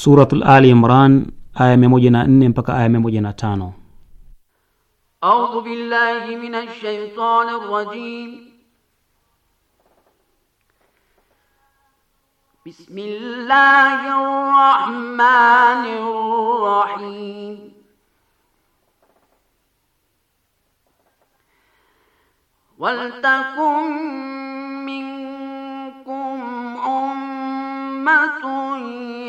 Suratul Ali Imran aya 104 mpaka aya 105. A'udhu billahi minash shaitanir rajim. Bismillahir rahmanir rahim. Waltakum minkum ummatun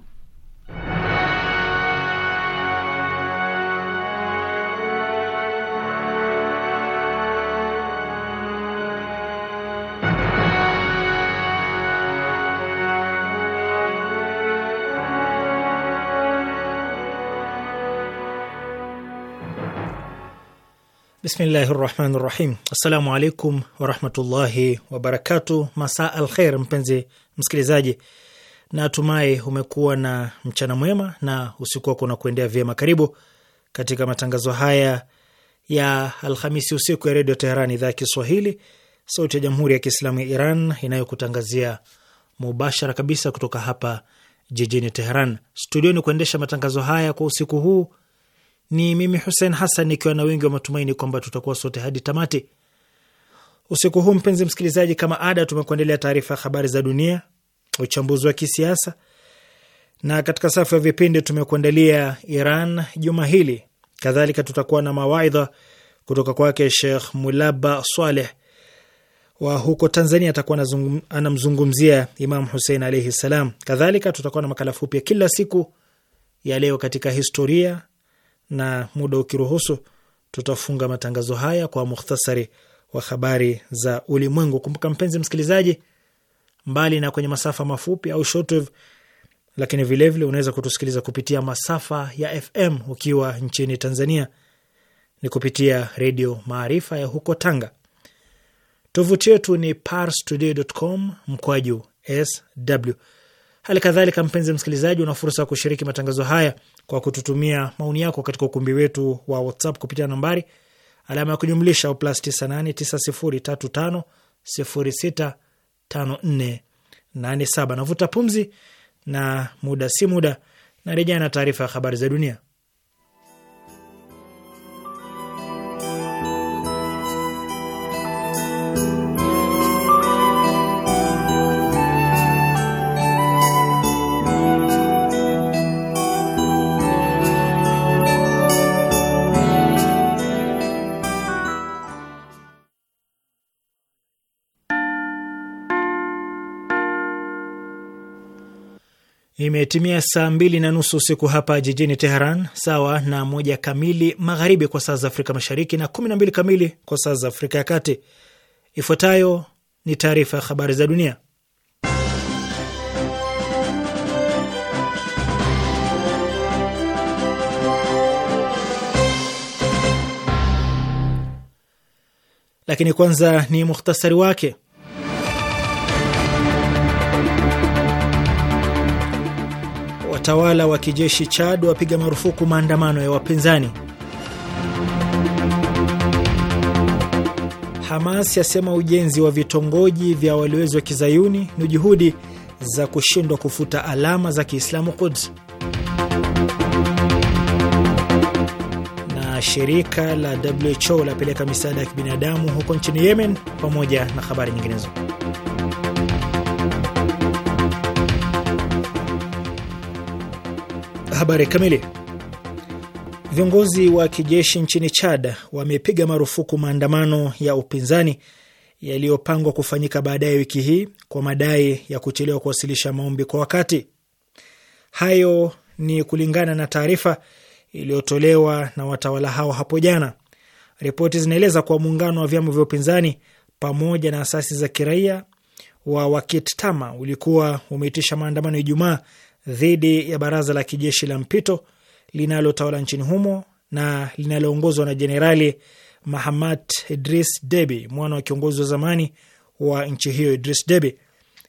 Bismillahi rahmani rahim. Assalamu alaikum warahmatullahi wabarakatu. masa al kheir mpenzi msikilizaji, natumai umekuwa na mchana mwema na usiku wako kuendea vyema. Karibu katika matangazo haya ya Alhamisi usiku ya Redio Teheran, idhaa ya Kiswahili, sauti ya Jamhuri ya Kiislamu ya Iran inayokutangazia mubashara kabisa kutoka hapa jijini Teheran. Studioni kuendesha matangazo haya kwa usiku huu ni mimi Hussein Hassan nikiwa na wengi wa matumaini kwamba tutakuwa sote hadi tamati usiku huu. Mpenzi msikilizaji, kama ada, tumekuandalia taarifa ya habari za dunia, uchambuzi wa kisiasa, na katika safu ya vipindi tumekuandalia Iran juma hili. Kadhalika tutakuwa na mawaidha kutoka kwake Shekh Mulaba Swaleh wa huko Tanzania, atakuwa anamzungumzia Imam Husein alaihi salam. Kadhalika tutakuwa na makala fupi ya kila siku ya leo katika historia na muda ukiruhusu, tutafunga matangazo haya kwa mukhtasari wa habari za ulimwengu. Kumbuka mpenzi msikilizaji, mbali na kwenye masafa mafupi au shortwave, lakini vilevile unaweza kutusikiliza kupitia masafa ya FM ukiwa nchini Tanzania ni kupitia Redio Maarifa ya huko Tanga. Tovuti yetu ni parstoday.com mkwaju sw Hali kadhalika, mpenzi msikilizaji, una fursa ya kushiriki matangazo haya kwa kututumia maoni yako katika ukumbi wetu wa WhatsApp kupitia nambari alama ya kujumlisha au plus 989035065487. Navuta pumzi na muda si muda narejea na taarifa ya habari za dunia. Imetimia saa mbili na nusu usiku hapa jijini Teheran, sawa na moja kamili magharibi kwa saa za Afrika Mashariki na kumi na mbili kamili kwa saa za Afrika ya Kati. Ifuatayo ni taarifa ya habari za dunia, lakini kwanza ni muhtasari wake. Watawala wa kijeshi Chad wapiga marufuku maandamano ya wapinzani. Hamas yasema ujenzi wa vitongoji vya walowezi wa kizayuni ni juhudi za kushindwa kufuta alama za Kiislamu Quds. Na shirika la WHO lapeleka misaada ya kibinadamu huko nchini Yemen, pamoja na habari nyinginezo. Habari kamili. Viongozi wa kijeshi nchini Chad wamepiga marufuku maandamano ya upinzani yaliyopangwa kufanyika baadaye wiki hii kwa madai ya kuchelewa kuwasilisha maombi kwa wakati. Hayo ni kulingana na taarifa iliyotolewa na watawala hao hapo jana. Ripoti zinaeleza kuwa muungano wa vyama vya upinzani pamoja na asasi za kiraia wa Wakit Tama ulikuwa umeitisha maandamano Ijumaa dhidi ya baraza la kijeshi la mpito linalotawala nchini humo na linaloongozwa na Jenerali Mahamat Idris debi mwana wa kiongozi wa zamani wa nchi hiyo Idris Debi.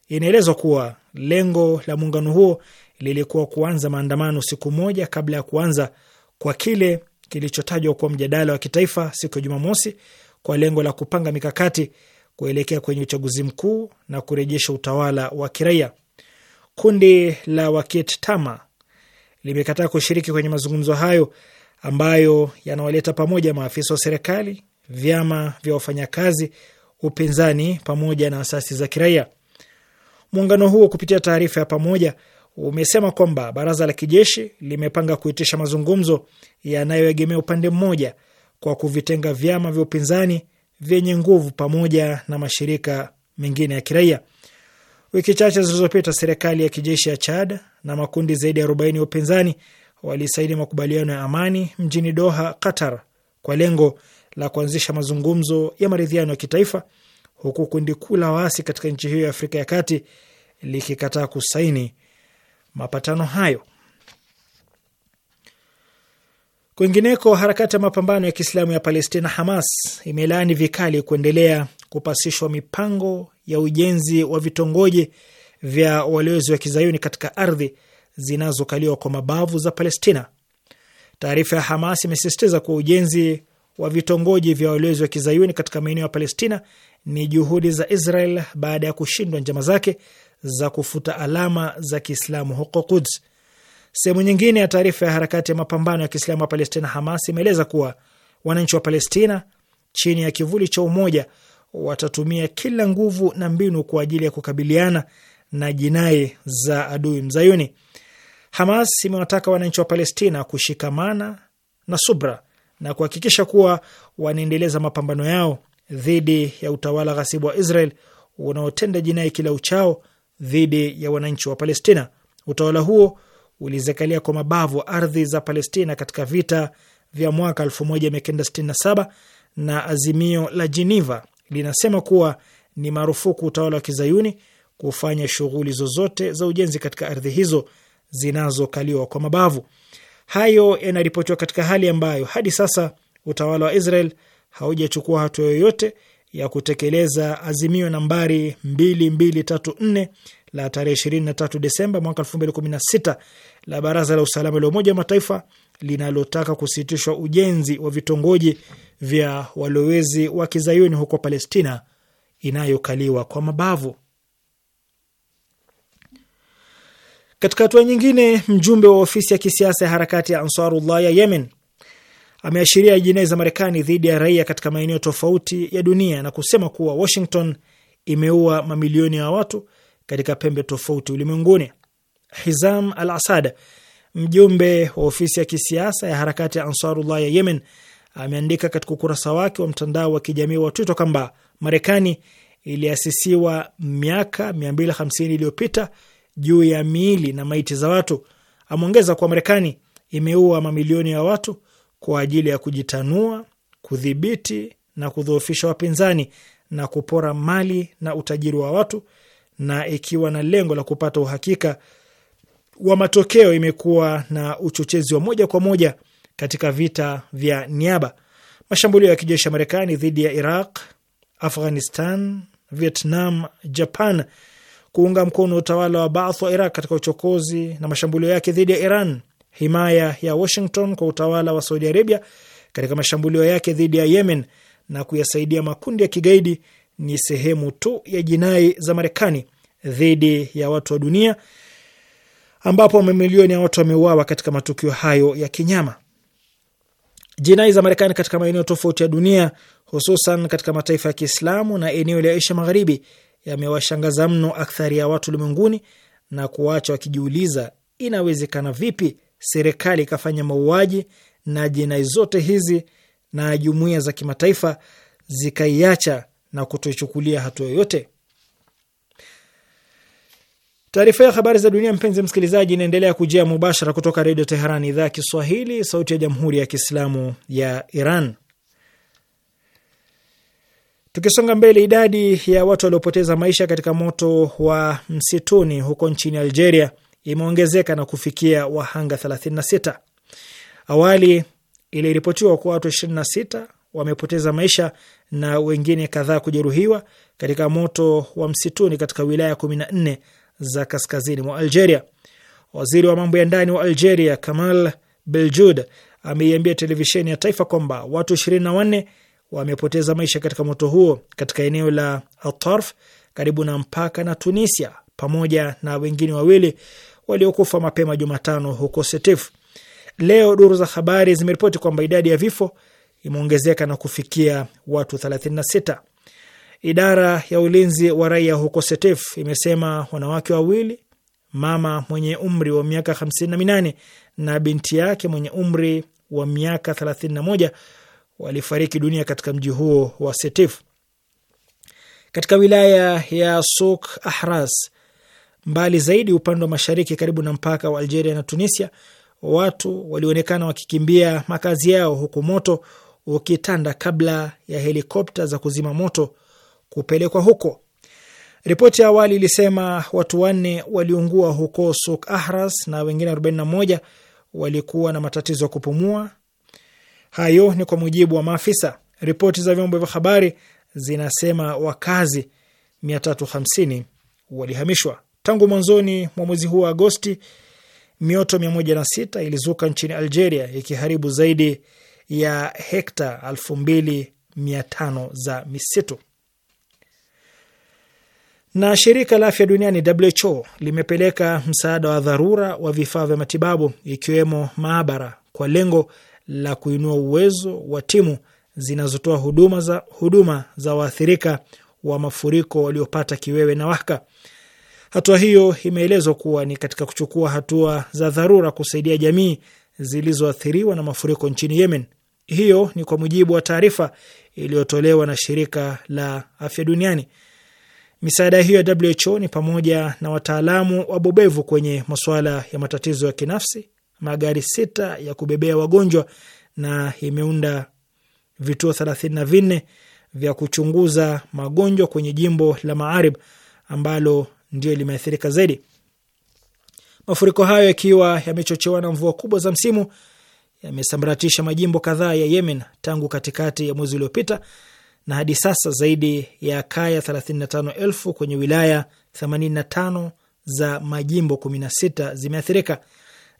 Inaelezwa kuwa lengo la muungano huo lilikuwa kuanza maandamano siku moja kabla ya kuanza kwa kile kilichotajwa kuwa mjadala wa kitaifa siku ya Jumamosi, kwa lengo la kupanga mikakati kuelekea kwenye uchaguzi mkuu na kurejesha utawala wa kiraia. Kundi la Wakit Tama limekataa kushiriki kwenye mazungumzo hayo ambayo yanawaleta pamoja maafisa wa serikali, vyama vya wafanyakazi, upinzani pamoja na asasi za kiraia. Muungano huo kupitia taarifa ya pamoja umesema kwamba baraza la kijeshi limepanga kuitisha mazungumzo yanayoegemea upande mmoja kwa kuvitenga vyama vya upinzani vyenye nguvu pamoja na mashirika mengine ya kiraia. Wiki chache zilizopita serikali ya kijeshi ya Chad na makundi zaidi ya 40 ya upinzani walisaini makubaliano ya amani mjini Doha, Qatar, kwa lengo la kuanzisha mazungumzo ya maridhiano ya kitaifa, huku kundi kuu la waasi katika nchi hiyo ya Afrika ya Kati likikataa kusaini mapatano hayo. Kwingineko, harakati ya mapambano ya Kiislamu ya Palestina, Hamas, imelaani vikali kuendelea kupasishwa mipango ya ujenzi wa vitongoji vya walowezi wa kizayuni katika ardhi zinazokaliwa kwa mabavu za Palestina. Taarifa ya Hamas imesisitiza kuwa ujenzi wa vitongoji vya walowezi wa kizayuni katika maeneo ya Palestina ni juhudi za Israel baada ya kushindwa njama zake za kufuta alama za Kiislamu huko Quds. Sehemu nyingine ya taarifa ya harakati ya mapambano ya Kiislamu wa Palestina, Hamas, imeeleza kuwa wananchi wa Palestina chini ya kivuli cha umoja watatumia kila nguvu na mbinu kwa ajili ya kukabiliana na jinai za adui mzayuni. Hamas imewataka wananchi wa Palestina kushikamana na subra na kuhakikisha kuwa wanaendeleza mapambano yao dhidi ya utawala ghasibu wa Israel unaotenda jinai kila uchao dhidi ya wananchi wa Palestina. Utawala huo ulizekalia kwa mabavu ardhi za Palestina katika vita vya mwaka 1967 na azimio la Geneva linasema kuwa ni marufuku utawala wa kizayuni kufanya shughuli zozote za ujenzi katika ardhi hizo zinazokaliwa kwa mabavu. Hayo yanaripotiwa katika hali ambayo hadi sasa utawala wa Israel haujachukua hatua yoyote ya kutekeleza azimio nambari 2234 la tarehe 23 Desemba mwaka 2016 la Baraza la Usalama la Umoja wa Mataifa linalotaka kusitishwa ujenzi wa vitongoji vya walowezi wa kizayuni huko Palestina inayokaliwa kwa mabavu. Katika hatua nyingine, mjumbe wa ofisi ya kisiasa ya harakati ya Ansarullah ya Yemen ameashiria jinai za Marekani dhidi ya raia katika maeneo tofauti ya dunia na kusema kuwa Washington imeua mamilioni ya watu katika pembe tofauti ulimwenguni. Hizam al Asad, mjumbe wa ofisi ya kisiasa ya harakati ya Ansarullah ya Yemen, ameandika katika ukurasa wake wa mtandao wa kijamii wa Twitter kwamba Marekani iliasisiwa miaka 250 iliyopita juu ya miili na maiti za watu. Ameongeza kuwa Marekani imeua mamilioni ya watu kwa ajili ya kujitanua, kudhibiti na kudhoofisha wapinzani na kupora mali na utajiri wa watu, na ikiwa na lengo la kupata uhakika wa matokeo, imekuwa na uchochezi wa moja kwa moja katika vita vya niaba. Mashambulio ya kijeshi ya Marekani dhidi ya Iraq, Afghanistan, Vietnam, Japan, kuunga mkono utawala wa Baath wa Iraq katika uchokozi na mashambulio yake dhidi ya Iran, himaya ya Washington kwa utawala wa Saudi Arabia katika mashambulio yake dhidi ya Yemen na kuyasaidia makundi ya kigaidi ni sehemu tu ya jinai za Marekani dhidi ya watu wa dunia ambapo mamilioni ya watu wameuawa katika matukio hayo ya kinyama. Jinai za Marekani katika maeneo tofauti ya dunia, hususan katika mataifa ya Kiislamu na eneo la Asia Magharibi, yamewashangaza mno akthari ya watu ulimwenguni na kuwacha wakijiuliza inawezekana vipi serikali ikafanya mauaji na jinai zote hizi na jumuiya za kimataifa zikaiacha na kutoichukulia hatua yoyote. Taarifa ya habari za dunia, mpenzi msikilizaji, inaendelea kujia mubashara kutoka Redio Teheran, idhaa ya Kiswahili, sauti ya jamhuri ya kiislamu ya Iran. Tukisonga mbele, idadi ya watu waliopoteza maisha katika moto wa msituni huko nchini Algeria imeongezeka na kufikia wahanga 36. Awali iliripotiwa kuwa watu 26 wamepoteza maisha na wengine kadhaa kujeruhiwa katika moto wa msituni katika wilaya 14 za kaskazini mwa Algeria. Waziri wa mambo ya ndani wa Algeria, Kamal Beljud, ameiambia televisheni ya taifa kwamba watu ishirini na wanne wamepoteza maisha katika moto huo katika eneo la Atarf karibu na mpaka na Tunisia, pamoja na wengine wawili waliokufa mapema Jumatano huko Setif. Leo duru za habari zimeripoti kwamba idadi ya vifo imeongezeka na kufikia watu 36. Idara ya ulinzi wa raia huko SETEF imesema wanawake wawili, mama mwenye umri wa miaka 58 na binti yake mwenye umri wa miaka 31 walifariki dunia katika mji huo wa SETEF. Katika wilaya ya Suk Ahras, mbali zaidi upande wa mashariki, karibu na mpaka wa Algeria na Tunisia, watu walionekana wakikimbia makazi yao huku moto ukitanda kabla ya helikopta za kuzima moto kupelekwa huko. Ripoti ya awali ilisema watu wanne waliungua huko Suk Ahras na wengine 41 walikuwa na matatizo ya kupumua. Hayo ni kwa mujibu wa maafisa. Ripoti za vyombo vya habari zinasema wakazi 350 walihamishwa. Tangu mwanzoni mwa mwezi huu wa Agosti, mioto 106 ilizuka nchini Algeria ikiharibu zaidi ya hekta 2500 za misitu. Na shirika la afya duniani WHO limepeleka msaada wa dharura wa vifaa vya matibabu ikiwemo maabara kwa lengo la kuinua uwezo wa timu zinazotoa huduma za, huduma za waathirika wa mafuriko waliopata kiwewe na waka. Hatua hiyo imeelezwa kuwa ni katika kuchukua hatua za dharura kusaidia jamii zilizoathiriwa na mafuriko nchini Yemen. Hiyo ni kwa mujibu wa taarifa iliyotolewa na shirika la afya duniani. Misaada hiyo ya WHO ni pamoja na wataalamu wabobevu kwenye masuala ya matatizo ya kinafsi, magari sita ya kubebea wagonjwa, na imeunda vituo thelathini na vinne vya kuchunguza magonjwa kwenye jimbo la Maarib ambalo ndio limeathirika zaidi. Mafuriko hayo yakiwa yamechochewa na mvua kubwa za msimu yamesambaratisha majimbo kadhaa ya Yemen tangu katikati ya mwezi uliopita na hadi sasa zaidi ya kaya 35,000 kwenye wilaya 85 za majimbo 16 zimeathirika.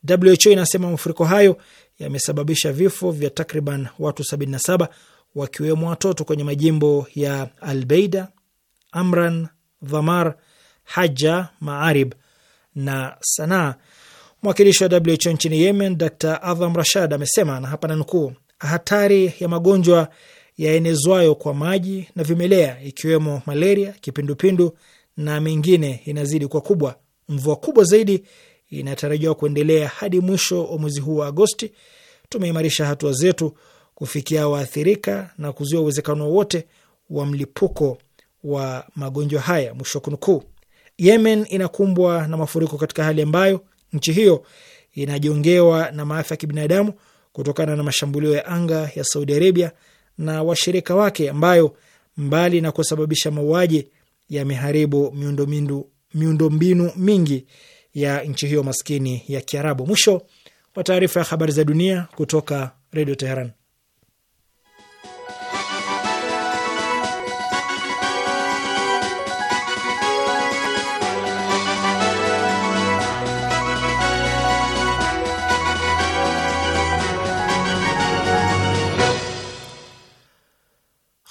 WHO inasema mafuriko hayo yamesababisha vifo vya takriban watu 77 wakiwemo watoto kwenye majimbo ya Albeida, Amran, Dhamar, Haja, Maarib na Sanaa. Mwakilishi wa WHO nchini Yemen, Dr Adham Rashad, amesema na hapa nanukuu, hatari ya magonjwa yaenezwayo kwa maji na vimelea ikiwemo malaria, kipindupindu na mengine inazidi kwa kubwa. Mvua kubwa zaidi inatarajiwa kuendelea hadi mwisho wa mwezi huu wa Agosti. Tumeimarisha hatua zetu kufikia waathirika na kuzuia uwezekano wowote wa mlipuko wa magonjwa haya, mwisho wa kunukuu. Yemen inakumbwa na mafuriko katika hali ambayo nchi hiyo inajongewa na maafa ya kibinadamu kutokana na mashambulio ya anga ya Saudi Arabia na washirika wake ambayo mbali na kusababisha mauaji yameharibu miundombinu mingi ya nchi hiyo maskini ya Kiarabu. Mwisho wa taarifa ya habari za dunia kutoka Redio Teheran.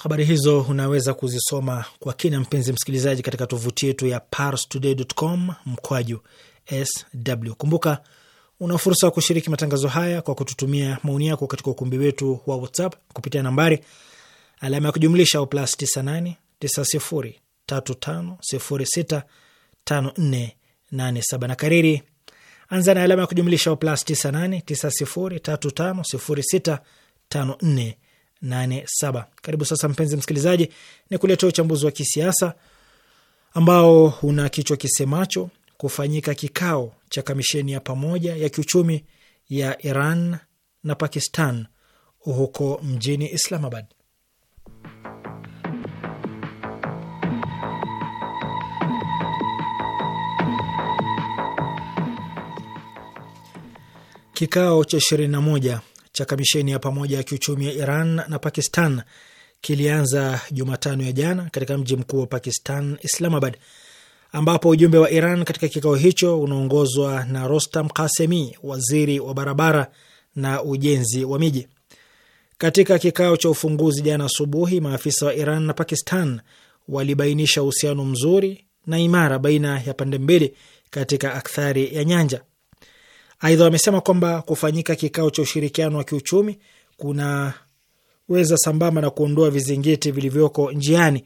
Habari hizo unaweza kuzisoma kwa kina, mpenzi msikilizaji, katika tovuti yetu ya parstoday.com mkwaju sw. Kumbuka una fursa ya kushiriki matangazo haya kwa kututumia maoni yako katika ukumbi wetu wa WhatsApp kupitia nambari alama ya kujumlisha au plus 98 na kariri anza na alama ya kujumlisha au plus 98 87. Karibu sasa, mpenzi msikilizaji, ni kuletea uchambuzi wa kisiasa ambao una kichwa kisemacho kufanyika kikao cha kamisheni ya pamoja ya kiuchumi ya Iran na Pakistan huko mjini Islamabad. Kikao cha 21 cha kamisheni ya pamoja ya kiuchumi ya Iran na Pakistan kilianza Jumatano ya jana katika mji mkuu wa Pakistan, Islamabad, ambapo ujumbe wa Iran katika kikao hicho unaongozwa na Rostam Kasemi, waziri wa barabara na ujenzi wa miji. Katika kikao cha ufunguzi jana asubuhi, maafisa wa Iran na Pakistan walibainisha uhusiano mzuri na imara baina ya pande mbili katika akthari ya nyanja. Aidha, wamesema kwamba kufanyika kikao cha ushirikiano wa kiuchumi kuna weza sambamba na kuondoa vizingiti vilivyoko njiani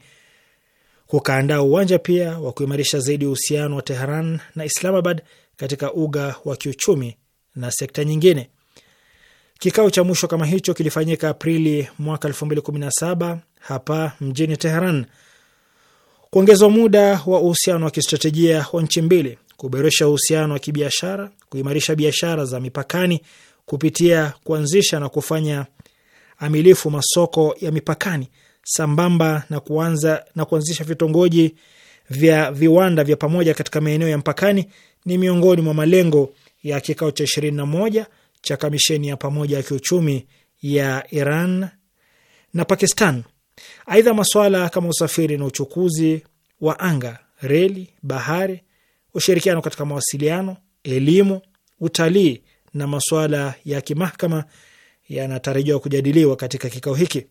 kukaandaa uwanja pia wa kuimarisha zaidi uhusiano wa Teheran na Islamabad katika uga wa kiuchumi na sekta nyingine. Kikao cha mwisho kama hicho kilifanyika Aprili mwaka 2017 hapa mjini Teheran. Kuongezwa muda wa uhusiano wa kistratejia wa nchi mbili kuboresha uhusiano wa kibiashara, kuimarisha biashara za mipakani kupitia kuanzisha na kufanya amilifu masoko ya mipakani sambamba na kuanza na kuanzisha vitongoji vya viwanda vya pamoja katika maeneo ya mpakani ni miongoni mwa malengo ya kikao cha ishirini na moja cha kamisheni ya pamoja ya kiuchumi ya Iran na Pakistan. Aidha, masuala kama usafiri na uchukuzi wa anga, reli, bahari ushirikiano katika mawasiliano, elimu, utalii na masuala ya kimahakama yanatarajiwa kujadiliwa katika kikao hiki.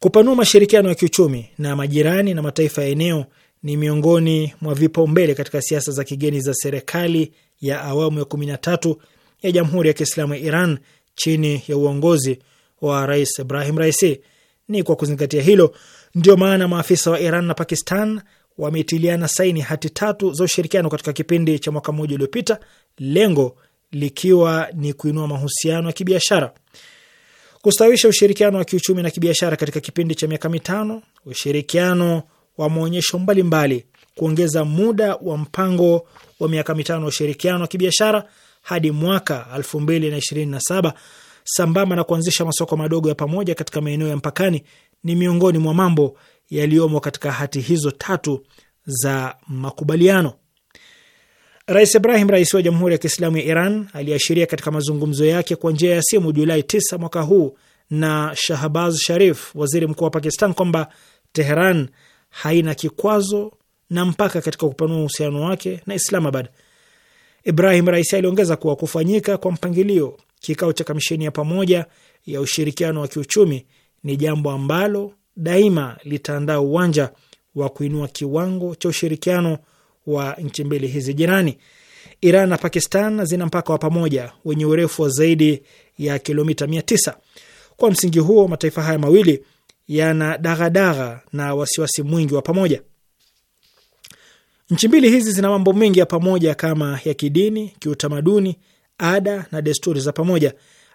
Kupanua mashirikiano ya kiuchumi na majirani na mataifa ya eneo ni miongoni mwa vipaumbele katika siasa za kigeni za serikali ya awamu ya kumi na tatu ya Jamhuri ya Kiislamu ya Iran chini ya uongozi wa Rais Ibrahim Raisi. Ni kwa kuzingatia hilo ndio maana maafisa wa Iran na Pakistan wametiliana saini hati tatu za ushirikiano katika kipindi cha mwaka mmoja uliopita, lengo likiwa ni kuinua mahusiano ya kibiashara, kustawisha ushirikiano wa kiuchumi na kibiashara katika kipindi cha miaka mitano, ushirikiano wa maonyesho mbalimbali, kuongeza muda wa mpango wa miaka mitano wa ushirikiano wa kibiashara hadi mwaka 2027 sambamba na kuanzisha masoko madogo ya pamoja katika maeneo ya mpakani ni miongoni mwa mambo yaliyomo katika hati hizo tatu za makubaliano. Rais Ibrahim Raisi wa Jamhuri ya Kiislamu ya Iran aliashiria katika mazungumzo yake kwa njia ya simu Julai 9 mwaka huu na Shahbaz Sharif, waziri mkuu wa Pakistan, kwamba Teheran haina kikwazo na mpaka katika kupanua uhusiano wake na Islamabad. Ibrahim Raisi aliongeza kuwa kufanyika kwa mpangilio kikao cha kamisheni ya pamoja ya ushirikiano wa kiuchumi ni jambo ambalo daima litaandaa uwanja wa kuinua kiwango cha ushirikiano wa nchi mbili hizi jirani. Iran na Pakistan zina mpaka wa pamoja wenye urefu wa zaidi ya kilomita mia tisa. Kwa msingi huo, mataifa haya mawili yana daghadagha na wasiwasi mwingi wa pamoja. Nchi mbili hizi zina mambo mengi ya pamoja kama ya kidini, kiutamaduni, ada na desturi za pamoja.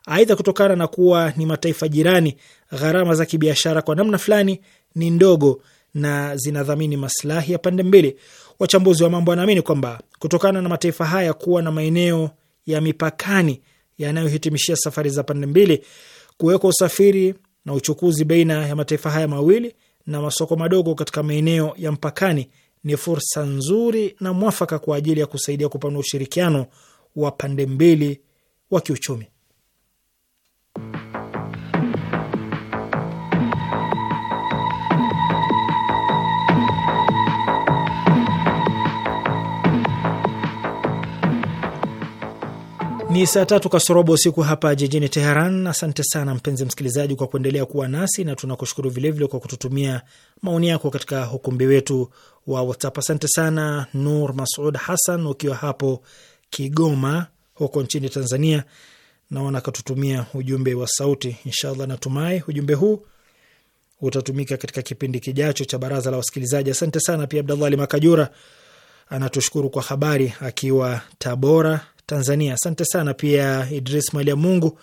Aidha, kutokana na kuwa ni mataifa jirani, gharama za kibiashara kwa namna fulani ni ndogo na zinadhamini maslahi ya pande mbili. Wachambuzi wa mambo wanaamini kwamba kutokana na mataifa haya kuwa na maeneo ya mipakani yanayohitimishia safari za pande mbili, kuwekwa usafiri na uchukuzi baina ya mataifa haya mawili na masoko madogo katika maeneo ya mpakani ni fursa nzuri na mwafaka kwa ajili ya kusaidia kupanua ushirikiano wa pande mbili wa kiuchumi. Ni saa tatu kasorobo usiku hapa jijini Teheran. Asante sana mpenzi msikilizaji kwa kuendelea kuwa nasi na tunakushukuru vilevile kwa kututumia maoni yako katika ukumbi wetu wa WhatsApp. Asante sana Nur Masud Hassan ukiwa hapo Kigoma huko nchini Tanzania, naona akatutumia ujumbe wa sauti. Inshallah natumai ujumbe huu utatumika katika kipindi kijacho cha baraza la wasikilizaji. Asante sana pia Abdallah Ali Makajura anatushukuru kwa habari akiwa Tabora Tanzania. Asante sana pia Idris Mali Mungu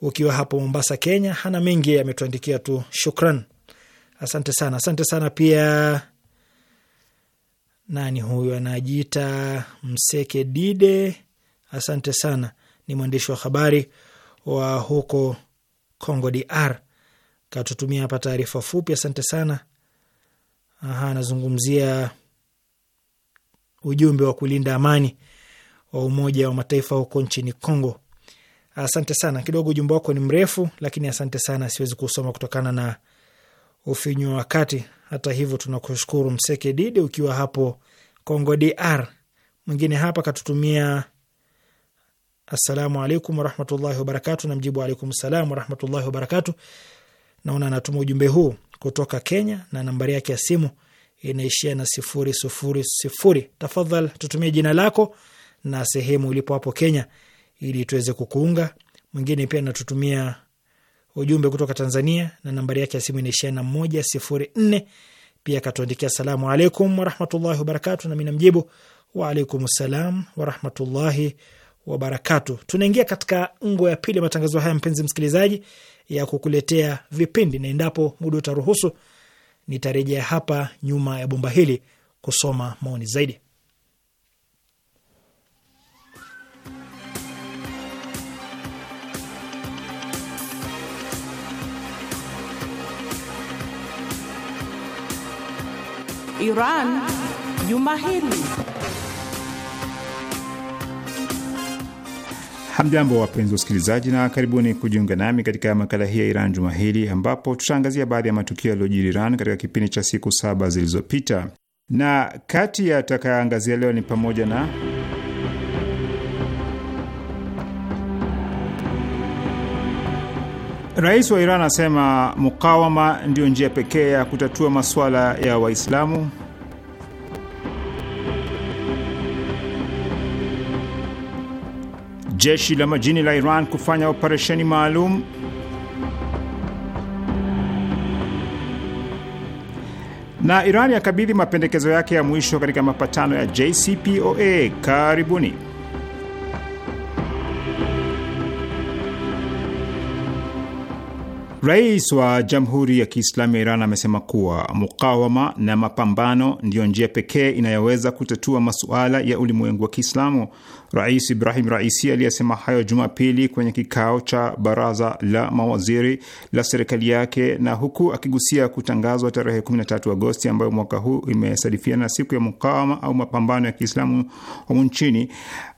ukiwa hapo Mombasa, Kenya. Hana mengi ametuandikia tu, shukran. Asante sana, asante sana pia. Nani huyu anajiita Mseke Dide? Asante sana, ni mwandishi wa habari wa huko Congo DR, katutumia hapa taarifa fupi. Asante sana. Aha, anazungumzia ujumbe wa kulinda amani wa Umoja wa Mataifa huko nchini Kongo. Asante sana. Kidogo ujumbe wako ni mrefu, lakini asante sana, siwezi kusoma kutokana na ufinyu wa wakati. Hata hivyo, tunakushukuru Mseke Didi ukiwa hapo Kongo DR. Mwingine hapa katutumia assalamu alaikum warahmatullahi wabarakatu, na mjibu alaikum salam warahmatullahi wabarakatu. Naona anatuma ujumbe huu kutoka Kenya na nambari yake ya simu inaishia na sifuri sifuri sifuri. Tafadhal tutumie jina lako na sehemu ulipo hapo Kenya ili tuweze kukuunga. Mwingine pia natutumia ujumbe kutoka Tanzania na nambari yake ya simu inaishia na moja sifuri nne. Pia katuandikia salamu alaikum warahmatullahi wabarakatu, nami namjibu waalaikum salam warahmatullahi wabarakatu. Tunaingia katika ngo ya pili ya matangazo haya, mpenzi msikilizaji, ya kukuletea vipindi, na endapo muda utaruhusu nitarejea hapa nyuma ya bomba hili kusoma maoni zaidi. Iran juma hili. Hamjambo, wapenzi wasikilizaji, na karibuni kujiunga nami katika makala hii ya Iran juma hili, ambapo tutaangazia baadhi ya matukio yaliyojiri Iran katika kipindi cha siku saba zilizopita, na kati ya atakayoangazia leo ni pamoja na Rais wa Iran anasema mukawama ndio njia pekee ya kutatua masuala ya Waislamu. Jeshi la majini la Iran kufanya operesheni maalum. Na Iran yakabidhi mapendekezo yake ya mwisho katika mapatano ya JCPOA. Karibuni. Rais wa Jamhuri ya Kiislamu ya Iran amesema kuwa mukawama na mapambano ndiyo njia pekee inayoweza kutatua masuala ya ulimwengu wa Kiislamu. Rais Ibrahim Raisi aliyesema hayo Jumapili kwenye kikao cha baraza la mawaziri la serikali yake, na huku akigusia kutangazwa tarehe 13 Agosti ambayo mwaka huu imesadifiana na siku ya mukawama au mapambano ya Kiislamu humu nchini,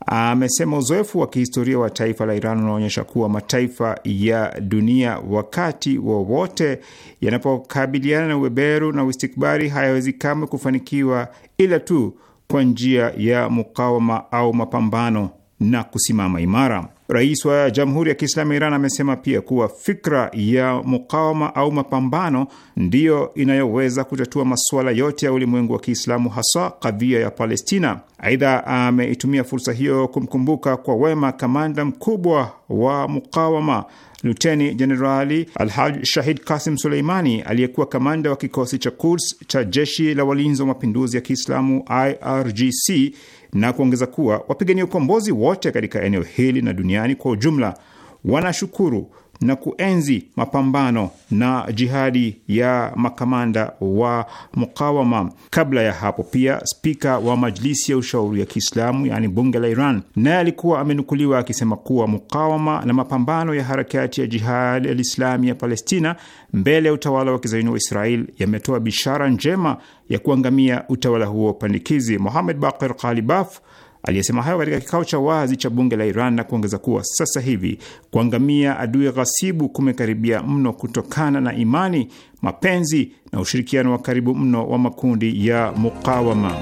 amesema uzoefu wa kihistoria wa taifa la Iran unaonyesha kuwa mataifa ya dunia wakati wowote wa yanapokabiliana na ubeberu na uistikbari hayawezi kamwe kufanikiwa ila tu kwa njia ya mukawama au mapambano na kusimama imara. Rais wa Jamhuri ya Kiislamu ya Iran amesema pia kuwa fikra ya mukawama au mapambano ndiyo inayoweza kutatua masuala yote ya ulimwengu wa Kiislamu, haswa kadhia ya Palestina. Aidha, ameitumia fursa hiyo kumkumbuka kwa wema kamanda mkubwa wa mukawama Luteni Jenerali Alhaj Shahid Kasim Suleimani aliyekuwa kamanda wa kikosi cha Kurs cha jeshi la walinzi wa mapinduzi ya Kiislamu IRGC na kuongeza kuwa wapigania ukombozi wote katika eneo hili na duniani kwa ujumla wanashukuru na kuenzi mapambano na jihadi ya makamanda wa mukawama. Kabla ya hapo pia, spika wa Majlisi ya Ushauri ya Kiislamu, yaani bunge la Iran, naye alikuwa amenukuliwa akisema kuwa mukawama na mapambano ya harakati ya Jihadi Alislami ya Palestina mbele ya utawala wa kizaini wa Israel yametoa bishara njema ya kuangamia utawala huo pandikizi. Mohamed Bakir Kalibaf Aliyesema hayo katika kikao cha wazi cha bunge la Iran na kuongeza kuwa sasa hivi kuangamia adui ghasibu kumekaribia mno kutokana na imani, mapenzi na ushirikiano wa karibu mno wa makundi ya mukawama.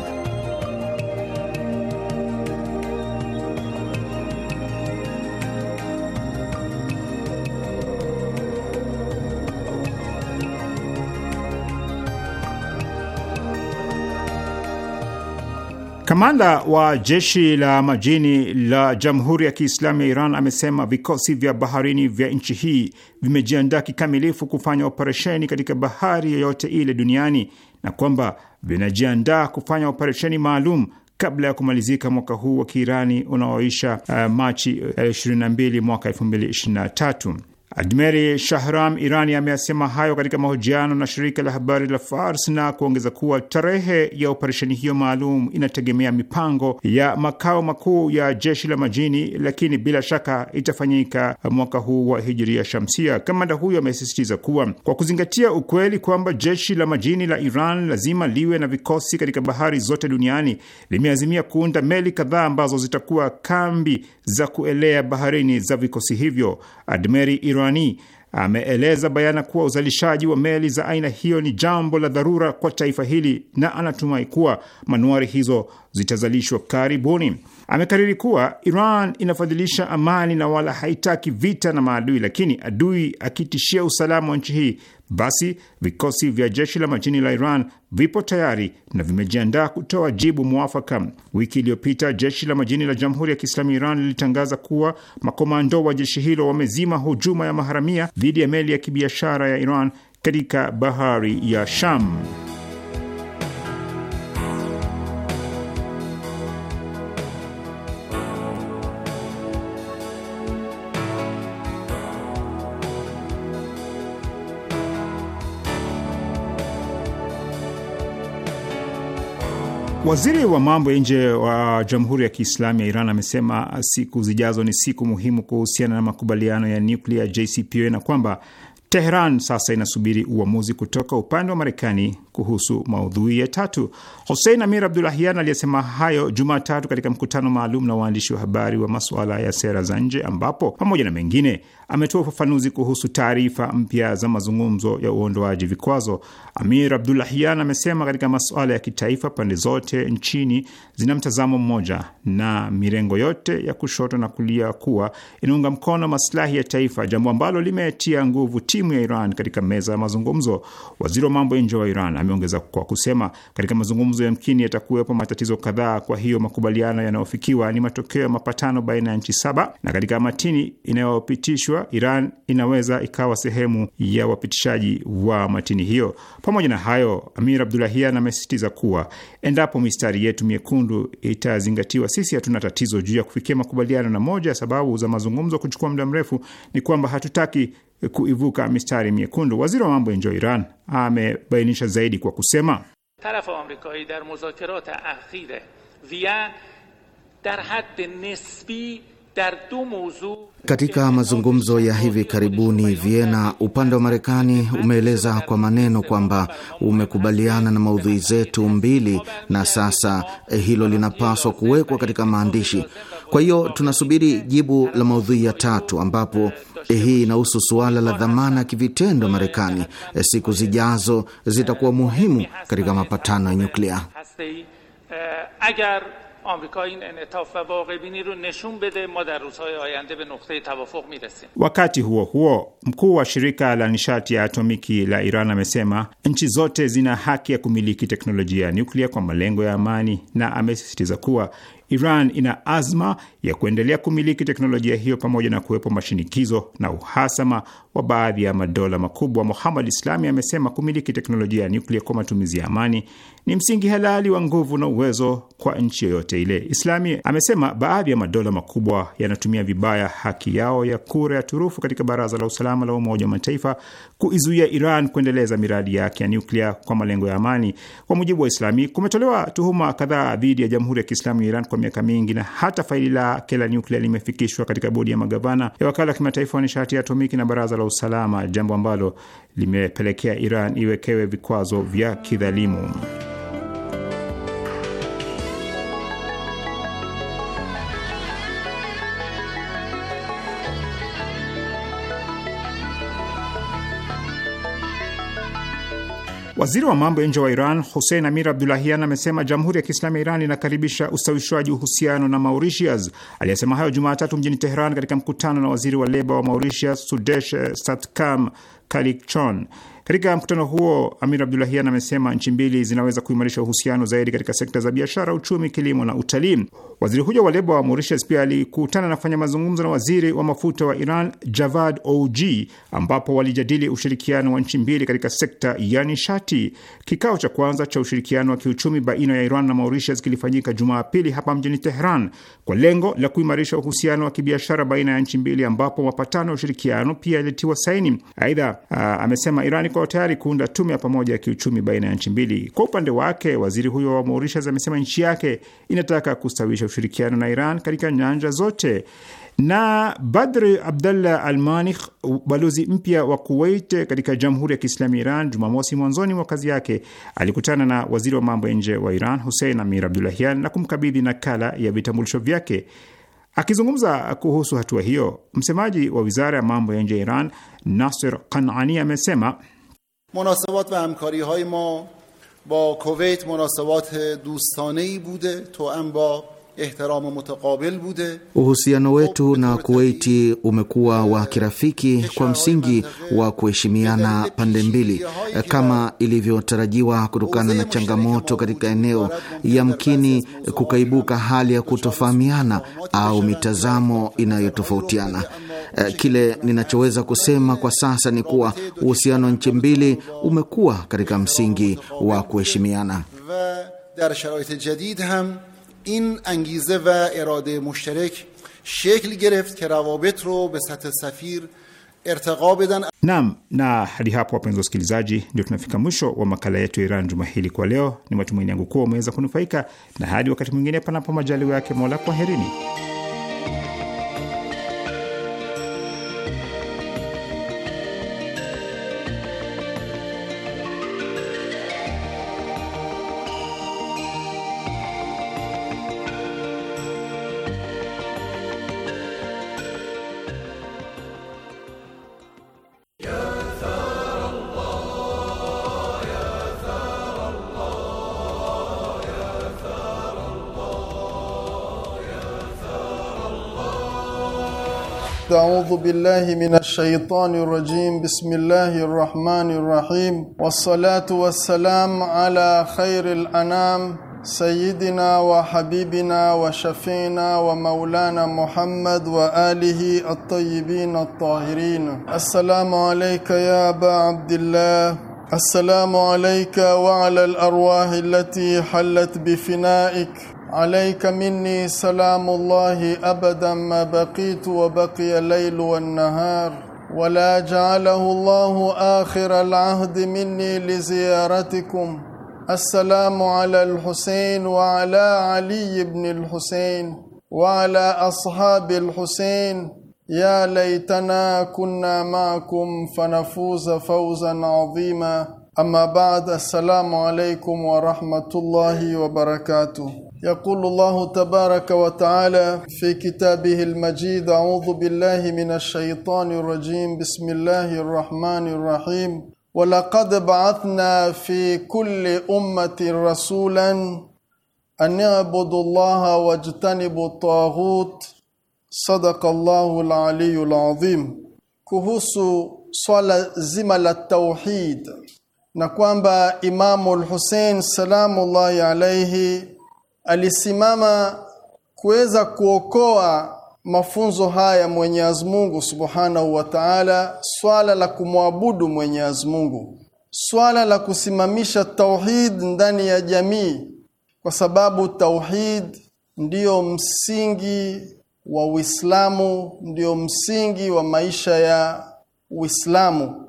Kamanda wa jeshi la majini la Jamhuri ya Kiislamu ya Iran amesema vikosi vya baharini vya nchi hii vimejiandaa kikamilifu kufanya operesheni katika bahari yoyote ile duniani na kwamba vinajiandaa kufanya operesheni maalum kabla ya kumalizika mwaka huu wa Kiirani unaoisha uh, Machi 22 uh, mwaka 2023 admeri Shahram Irani ameyasema hayo katika mahojiano na shirika la habari la Fars na kuongeza kuwa tarehe ya operesheni hiyo maalum inategemea mipango ya makao makuu ya jeshi la majini, lakini bila shaka itafanyika mwaka huu wa hijiria shamsia. Kamanda huyo amesisitiza kuwa kwa kuzingatia ukweli kwamba jeshi la majini la Iran lazima liwe na vikosi katika bahari zote duniani, limeazimia kuunda meli kadhaa ambazo zitakuwa kambi za kuelea baharini za vikosi hivyo. Admeri Irani Juani ameeleza bayana kuwa uzalishaji wa meli za aina hiyo ni jambo la dharura kwa taifa hili na anatumai kuwa manuari hizo zitazalishwa karibuni. Amekariri kuwa Iran inafadhilisha amani na wala haitaki vita na maadui, lakini adui akitishia usalama wa nchi hii, basi vikosi vya jeshi la majini la Iran vipo tayari na vimejiandaa kutoa jibu mwafaka. Wiki iliyopita jeshi la majini la Jamhuri ya Kiislamu Iran lilitangaza kuwa makomando wa jeshi hilo wamezima hujuma ya maharamia dhidi ya meli ya kibiashara ya Iran katika bahari ya Sham. Waziri wa mambo ya nje wa Jamhuri ya Kiislamu ya Iran amesema siku zijazo ni siku muhimu kuhusiana na makubaliano ya nuklia JCPOA na kwamba Teheran sasa inasubiri uamuzi kutoka upande wa Marekani kuhusu maudhui ya tatu. Hussein Amir Abdulahian aliyesema hayo Jumatatu katika mkutano maalum na waandishi wa habari wa masuala ya sera za nje, ambapo pamoja na mengine ametoa ufafanuzi kuhusu taarifa mpya za mazungumzo ya uondoaji vikwazo. Amir Abdulahian amesema katika masuala ya kitaifa, pande zote nchini zina mtazamo mmoja na mirengo yote ya kushoto na kulia kuwa inaunga mkono maslahi ya taifa, jambo ambalo limetia nguvu timu ya Iran katika meza ya mazungumzo. Waziri wa mambo ya nje wa Iran ameongeza kwa kusema, katika mazungumzo ya mkini yatakuwepo matatizo kadhaa. Kwa hiyo makubaliano yanayofikiwa ni matokeo ya mapatano baina ya nchi saba, na katika matini inayopitishwa Iran inaweza ikawa sehemu ya wapitishaji wa matini hiyo. Pamoja na hayo, Amir Abdulahian amesisitiza kuwa endapo mistari yetu miekundu itazingatiwa, sisi hatuna tatizo juu ya kufikia makubaliano, na moja ya sababu za mazungumzo kuchukua muda mrefu ni kwamba hatutaki kuivuka mistari miekundu. Waziri wa mambo ya nje wa Iran amebainisha zaidi kwa kusema, katika mazungumzo ya hivi karibuni Vienna, upande wa Marekani umeeleza kwa maneno kwamba umekubaliana na maudhui zetu mbili, na sasa eh, hilo linapaswa kuwekwa katika maandishi kwa hiyo tunasubiri jibu la maudhui ya tatu, ambapo eh, hii inahusu suala la dhamana ya kivitendo Marekani. Eh, siku zijazo zitakuwa muhimu katika mapatano ya nyuklia. Wakati huo huo, mkuu wa shirika la nishati ya atomiki la Iran amesema nchi zote zina haki ya kumiliki teknolojia ya nyuklia kwa malengo ya amani, na amesisitiza kuwa Iran ina azma ya kuendelea kumiliki teknolojia hiyo pamoja na kuwepo mashinikizo na uhasama wa baadhi ya madola makubwa, Muhammad Islami amesema kumiliki teknolojia ya nyuklia kwa matumizi ya amani ni msingi halali wa nguvu na uwezo kwa nchi yoyote ile. Islami amesema baadhi ya madola makubwa yanatumia vibaya haki yao ya kura ya turufu katika Baraza la Usalama la Umoja wa Mataifa kuizuia Iran kuendeleza miradi yake ya nyuklia kwa malengo ya amani. Kwa mujibu wa Islami, kumetolewa tuhuma kadhaa dhidi ya Jamhuri ya Kiislamu ya Iran kwa miaka mingi na hata faili la lake la nyuklia limefikishwa katika bodi ya magavana ya wakala wa kimataifa wa nishati ya atomiki na baraza la usalama, jambo ambalo limepelekea Iran iwekewe vikwazo vya kidhalimu. Waziri wa mambo ya nje wa Iran Hussein Amir Abdulahian amesema Jamhuri ya Kiislamu ya Iran inakaribisha ustawishwaji uhusiano na Mauritius. Aliyesema hayo Jumatatu mjini Teheran katika mkutano na waziri wa leba wa Mauritius Sudesh Satkam Kalikchon. Katika mkutano huo, Amir Abdulahian amesema nchi mbili zinaweza kuimarisha uhusiano zaidi katika sekta za biashara, uchumi, kilimo na utalii. Waziri huyo wa leba wa Mauritius pia alikutana na kufanya mazungumzo na waziri wa mafuta wa Iran, Javad Og, ambapo walijadili ushirikiano wa nchi mbili katika sekta ya nishati. Kikao cha kwanza cha ushirikiano wa kiuchumi baina ya Iran na Mauritius kilifanyika Jumapili hapa mjini Tehran kwa lengo la kuimarisha uhusiano wa kibiashara baina ya nchi mbili, ambapo mapatano ya ushirikiano pia yalitiwa saini. Aidha, ah, amesema Iran iko tayari kuunda tume ya pamoja ya kiuchumi baina ya nchi mbili. Kwa upande wake, waziri huyo wa Mauritius amesema nchi yake inataka kustawisha ushirikiano na Iran katika nyanja zote. Na Badr Abdallah Almanih, balozi mpya wa Kuwait katika Jamhuri ya Kiislamu ya Iran, Jumamosi mwanzoni mwa kazi yake alikutana na waziri wa mambo ya nje wa Iran Hussein Amir Abdulahian na kumkabidhi nakala ya vitambulisho vyake. Akizungumza kuhusu hatua hiyo, msemaji wa wizara ya mambo ya nje ya Iran Nasir Kanani amesema مناسبات و همکاری های ما با کویت مناسبات دوستانه بوده تو با Uhusiano wetu na Kuwaiti umekuwa wa kirafiki kwa msingi wa kuheshimiana pande mbili, kama ilivyotarajiwa kutokana na changamoto katika eneo, yamkini kukaibuka hali ya kutofahamiana au mitazamo inayotofautiana. Kile ninachoweza kusema kwa sasa ni kuwa uhusiano wa nchi mbili umekuwa katika msingi wa kuheshimiana. این انگیزه و اراده مشترک شکل گرفت که روابط رو به سطح سفیر Ertaqa bedan... Naam, na hadi hapo wapenzi wasikilizaji, ndio tunafika mwisho wa makala yetu ya Iran juma hili kwa leo. Ni matumaini yangu kuwa umeweza kunufaika, na hadi wakati mwingine, panapo majaliwa yake Mola, kwaherini. أعوذ بالله من الشيطان الرجيم بسم الله الرحمن الرحيم والصلاة والسلام على خير الأنام سيدنا وحبيبنا وشفينا ومولانا محمد وآله الطيبين الطاهرين السلام عليك يا أبا عبد الله السلام عليك وعلى الأرواح التي حلت بفنائك عليك مني سلام الله أبدا ما بقيت وبقي الليل والنهار ولا جعله الله آخر العهد مني لزيارتكم السلام على الحسين وعلى علي بن الحسين وعلى أصحاب الحسين يا ليتنا كنا معكم فنفوز فوزا عظيما أما بعد السلام عليكم ورحمة الله وبركاته يقول الله تبارك وتعالى في كتابه المجيد أعوذ بالله من الشيطان الرجيم بسم الله الرحمن الرحيم ولقد بعثنا في كل أمة رسولا أن يعبدوا الله واجتنبوا الطاغوت صدق الله العلي العظيم كهوس swala زمل التوحيد نقوم بامام الحسين سلام الله عليه alisimama kuweza kuokoa mafunzo haya Mwenyezi Mungu Subhanahu wa Ta'ala, swala la kumwabudu Mwenyezi Mungu, swala la kusimamisha tauhid ndani ya jamii, kwa sababu tauhid ndiyo msingi wa Uislamu, ndiyo msingi wa maisha ya Uislamu.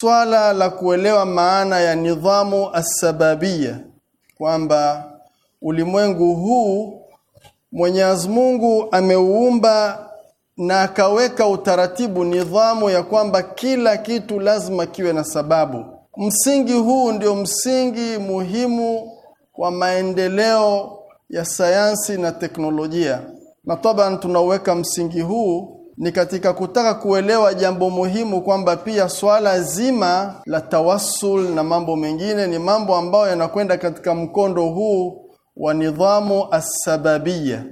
Swala la kuelewa maana ya nidhamu asbabia kwamba ulimwengu huu Mwenyezi Mungu ameuumba na akaweka utaratibu nidhamu ya kwamba kila kitu lazima kiwe na sababu. Msingi huu ndio msingi muhimu wa maendeleo ya sayansi na teknolojia. Na taban tunaweka msingi huu ni katika kutaka kuelewa jambo muhimu kwamba pia swala zima la tawasul na mambo mengine ni mambo ambayo yanakwenda katika mkondo huu wa nidhamu asbabiyya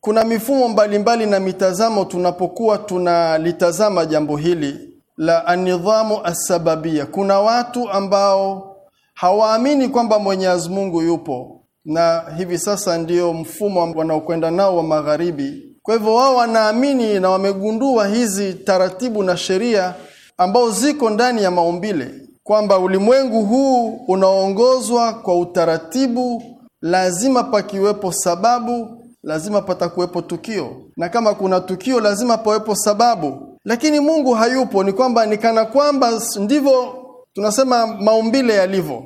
kuna mifumo mbalimbali na mitazamo tunapokuwa tunalitazama jambo hili la anidhamu assababiya kuna watu ambao hawaamini kwamba Mwenyezi Mungu yupo na hivi sasa ndiyo mfumo wanaokwenda nao wa magharibi kwa hivyo wao wanaamini na wamegundua hizi taratibu na sheria ambao ziko ndani ya maumbile kwamba ulimwengu huu unaongozwa kwa utaratibu lazima pakiwepo sababu, lazima patakuwepo tukio, na kama kuna tukio lazima pawepo sababu. Lakini Mungu hayupo, ni kwamba ni kana kwamba ndivyo tunasema maumbile yalivyo.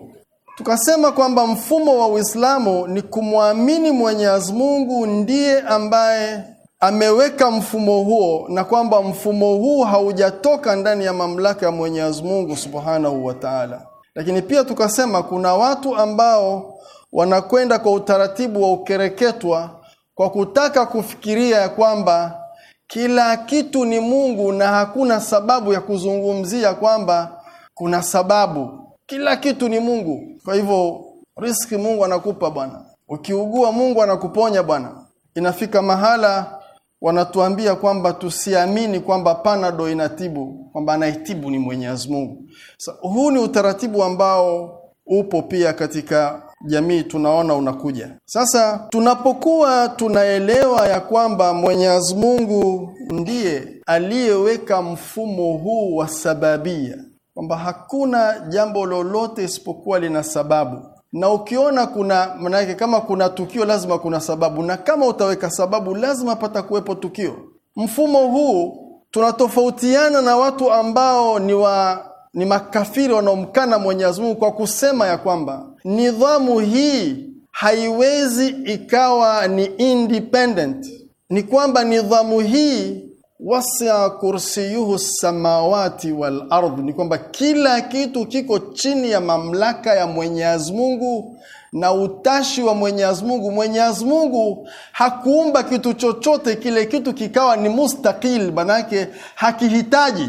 Tukasema kwamba mfumo wa Uislamu ni kumwamini Mwenyezi Mungu ndiye ambaye ameweka mfumo huo na kwamba mfumo huu haujatoka ndani ya mamlaka ya Mwenyezi Mungu Subhanahu wa Ta'ala. Lakini pia tukasema kuna watu ambao wanakwenda kwa utaratibu wa ukereketwa kwa kutaka kufikiria ya kwamba kila kitu ni Mungu na hakuna sababu ya kuzungumzia kwamba kuna sababu. Kila kitu ni Mungu. Kwa hivyo riski Mungu anakupa bwana. Ukiugua Mungu anakuponya bwana. Inafika mahala wanatuambia kwamba tusiamini kwamba panado inatibu, kwamba anaitibu ni Mwenyezi Mungu. So, huu ni utaratibu ambao upo pia katika jamii tunaona unakuja. Sasa tunapokuwa tunaelewa ya kwamba Mwenyezi Mungu ndiye aliyeweka mfumo huu wa sababia, kwamba hakuna jambo lolote isipokuwa lina sababu na ukiona kuna maana yake, kama kuna tukio lazima kuna sababu, na kama utaweka sababu lazima pata kuwepo tukio. Mfumo huu tunatofautiana na watu ambao ni wa ni makafiri wanaomkana Mwenyezi Mungu kwa kusema ya kwamba nidhamu hii haiwezi ikawa ni independent, ni kwamba nidhamu hii wasia kursiyuhu samawati wal ni kwamba kila kitu kiko chini ya mamlaka ya Mwenyezi Mungu na utashi wa Mwenyezi Mungu. Mwenyezi Mungu hakuumba kitu chochote kile kitu kikawa ni mustakil, manake hakihitaji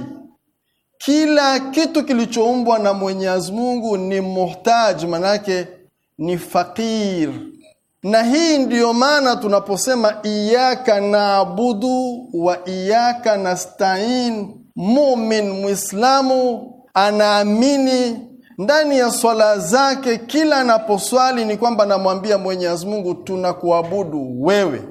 kila kitu kilichoumbwa na Mwenyezi Mungu ni muhtaj, manake ni fakir. Na hii ndiyo maana tunaposema iyaka naabudu wa iyaka nastain, mumin mwislamu anaamini ndani ya swala zake, kila anaposwali ni kwamba anamwambia Mwenyezi Mungu, tunakuabudu wewe,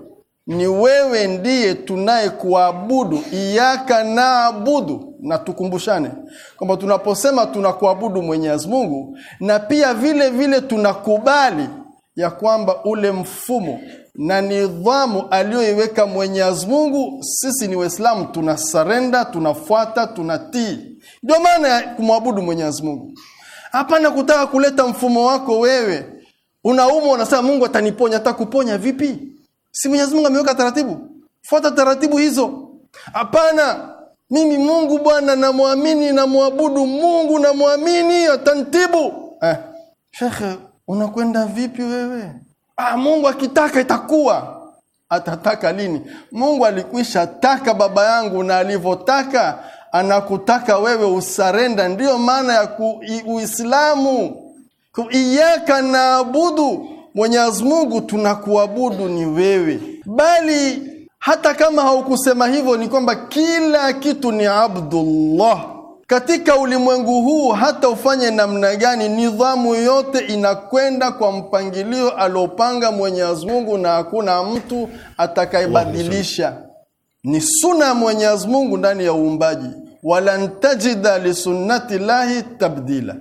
ni wewe ndiye tunayekuabudu, iyaka naabudu na tukumbushane kwamba tunaposema tunakuabudu Mwenyezi Mungu na pia vile vile tunakubali ya kwamba ule mfumo na nidhamu aliyoiweka Mwenyezi Mungu, sisi ni Waislamu tunasarenda, tunafuata, tunatii. Ndio maana ya kumwabudu Mwenyezi Mungu. Hapana kutaka kuleta mfumo wako wewe. Unaumwa unasema Mungu ataniponya, atakuponya vipi? Si Mwenyezi Mungu ameweka taratibu? Fuata taratibu hizo. Hapana, mimi Mungu bwana namwamini namwabudu Mungu namwamini atantibu eh. Shekhe, unakwenda vipi wewe? Ah, Mungu akitaka itakuwa. Atataka lini? Mungu alikwisha taka baba yangu, na alivyotaka anakutaka wewe usarenda. Ndiyo maana ya ku, i, Uislamu, iyaka naabudu, Mwenyezi Mungu tunakuabudu ni wewe, bali hata kama haukusema hivyo, ni kwamba kila kitu ni abdullah katika ulimwengu huu. Hata ufanye namna gani, nidhamu yote inakwenda kwa mpangilio aliopanga Mwenyezi Mungu, na hakuna mtu atakayebadilisha. Ni suna ya Mwenyezi Mungu ndani ya uumbaji. Walan tajida lisunnati llahi tabdila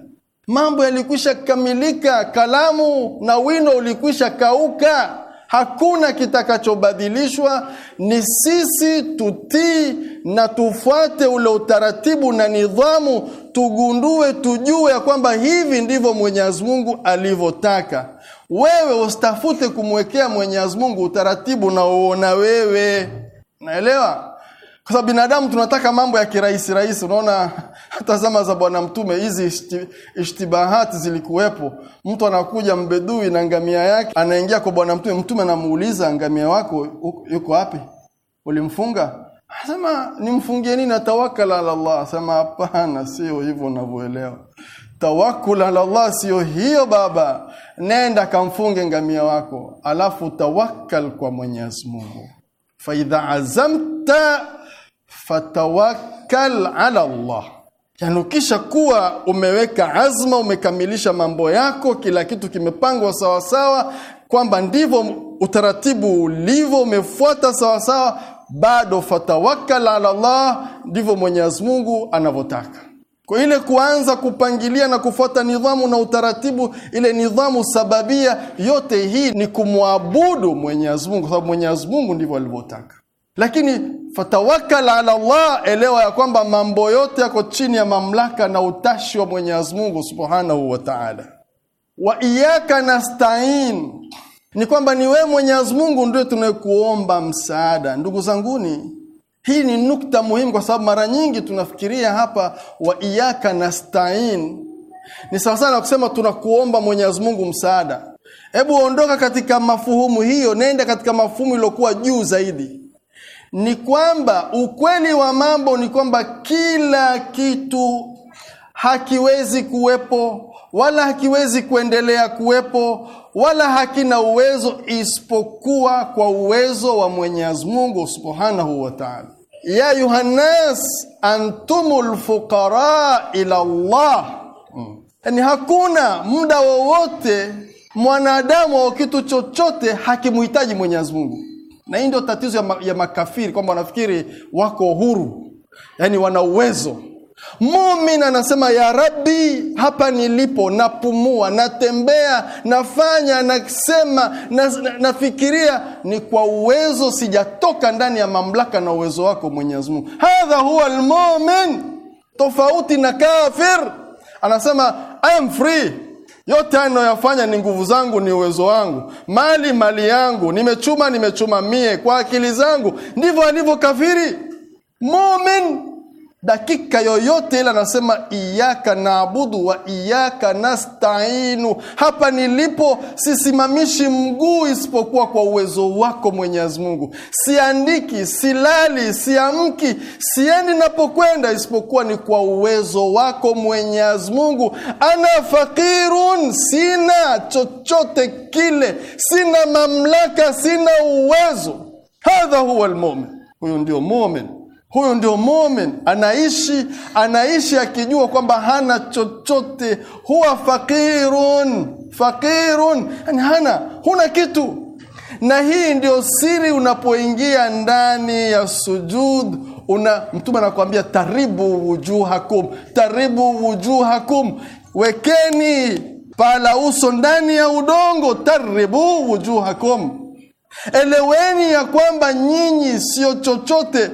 Mambo yalikwisha kamilika, kalamu na wino ulikwisha kauka hakuna kitakachobadilishwa, ni sisi tutii na tufuate ule utaratibu na nidhamu, tugundue, tujue ya kwamba hivi ndivyo Mwenyezi Mungu alivyotaka. Wewe usitafute kumwekea Mwenyezi Mungu utaratibu na uona wewe, naelewa kwa sababu binadamu tunataka mambo ya kirahisi rahisi. Unaona hata zama za bwana mtume hizi ishtibahati zilikuwepo. Mtu anakuja mbedui na ngamia yake, anaingia kwa bwana mtume, mtume anamuuliza ngamia wako yuko wapi? Ulimfunga? Anasema nimfungie nini? Tawakala ala Allah. asema hapana, sio hivyo unavyoelewa. Tawakul ala Allah sio hiyo baba. Nenda kamfunge ngamia wako, alafu tawakkal kwa Mwenyezi Mungu. Fa idha azamta fatawakkal ala Allah yani ukisha kuwa umeweka azma umekamilisha mambo yako kila kitu kimepangwa sawasawa kwamba ndivyo utaratibu ulivyo umefuata sawasawa bado fatawakkal ala Allah ndivyo Mwenyezi Mungu anavyotaka kwa ile kuanza kupangilia na kufuata nidhamu na utaratibu, ile nidhamu sababia, yote hii ni kumwabudu Mwenyezi Mungu, kwa sababu Mwenyezi Mungu ndivyo alivyotaka. Lakini fatawakal ala Allah, elewa ya kwamba mambo yote yako chini ya mamlaka na utashi wa Mwenyezi Mungu Subhanahu wa Ta'ala. Wa iyyaka nasta'in, ni kwamba ni wewe Mwenyezi Mungu ndiye tunayekuomba msaada. Ndugu zanguni, hii ni nukta muhimu, kwa sababu mara nyingi tunafikiria hapa wa iyyaka nasta'in ni sawa sana kusema tunakuomba Mwenyezi Mungu msaada. Hebu ondoka katika mafuhumu hiyo, nenda katika mafuhumu iliyokuwa juu zaidi ni kwamba ukweli wa mambo ni kwamba kila kitu hakiwezi kuwepo wala hakiwezi kuendelea kuwepo wala hakina uwezo isipokuwa kwa uwezo wa Mwenyezi Mungu Subhanahu wa Ta'ala. Ya yuhannas antumul fuqara ila Allah. Hmm. Yani hmm, hakuna muda wowote mwanadamu au kitu chochote hakimuhitaji Mwenyezi Mungu na hii ndio tatizo ya, ma, ya makafiri kwamba wanafikiri wako huru, yani wana uwezo. Mumin anasema ya Rabbi, hapa nilipo napumua, natembea, nafanya, nasema, nafikiria, ni kwa uwezo, sijatoka ndani ya mamlaka na uwezo wako Mwenyezi Mungu. Hadha huwa almumin, tofauti na kafir. Anasema I am free yote haya ninayoyafanya ni nguvu zangu, ni uwezo wangu, mali mali yangu, nimechuma nimechuma mie kwa akili zangu. Ndivyo alivyo kafiri mumin dakika yoyote ile anasema iyaka naabudu wa iyaka nastainu hapa nilipo sisimamishi mguu isipokuwa kwa uwezo wako mwenyezi mungu siandiki silali siamki siendi napokwenda isipokuwa ni kwa uwezo wako mwenyezi mungu ana fakirun sina chochote kile sina mamlaka sina uwezo hadha huwa lmumin huyu ndio mumin huyo ndio mumin anaishi anaishi akijua kwamba hana chochote. Huwa fakirun fakirun, yani hana huna kitu. Na hii ndio siri, unapoingia ndani ya sujud una Mtume anakuambia taribu wujuhakum, taribu wujuhakum, wekeni pala uso ndani ya udongo. Taribu wujuhakum, eleweni ya kwamba nyinyi sio chochote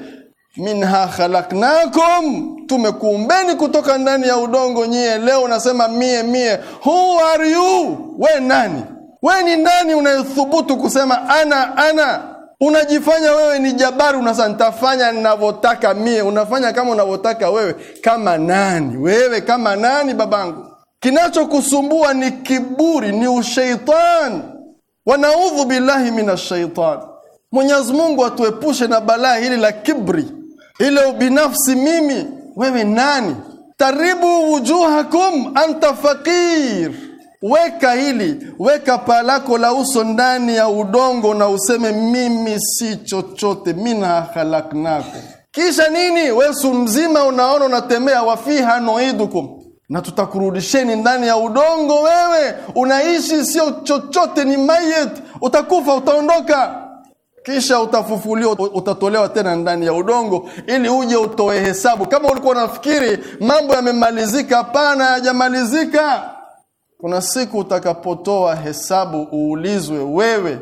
minha khalaknakum, tumekuumbeni kutoka ndani ya udongo nyie. Leo unasema mie mie, who are you? We nani? We ni nani unayethubutu kusema ana ana? Unajifanya wewe ni jabari, unasema nitafanya ninavyotaka mie. Unafanya kama unavyotaka wewe, kama nani wewe? Kama nani babangu? Kinachokusumbua ni kiburi, ni usheitan. Wanaudhu billahi minashaitan. Mwenyezi Mungu atuepushe na balaa hili la kibri ile ubinafsi mimi wewe nani taribu wujuhakum anta faqir weka hili weka paa lako la uso ndani ya udongo na useme mimi si chochote mina khalaknako kisha nini wesu mzima unaona unatembea wafiha nuidukum na tutakurudisheni ndani ya udongo wewe unaishi sio chochote ni mayet utakufa utaondoka kisha utafufuliwa, utatolewa tena ndani ya udongo ili uje utoe hesabu. Kama ulikuwa unafikiri mambo yamemalizika, hapana, hayajamalizika. Kuna siku utakapotoa hesabu, uulizwe wewe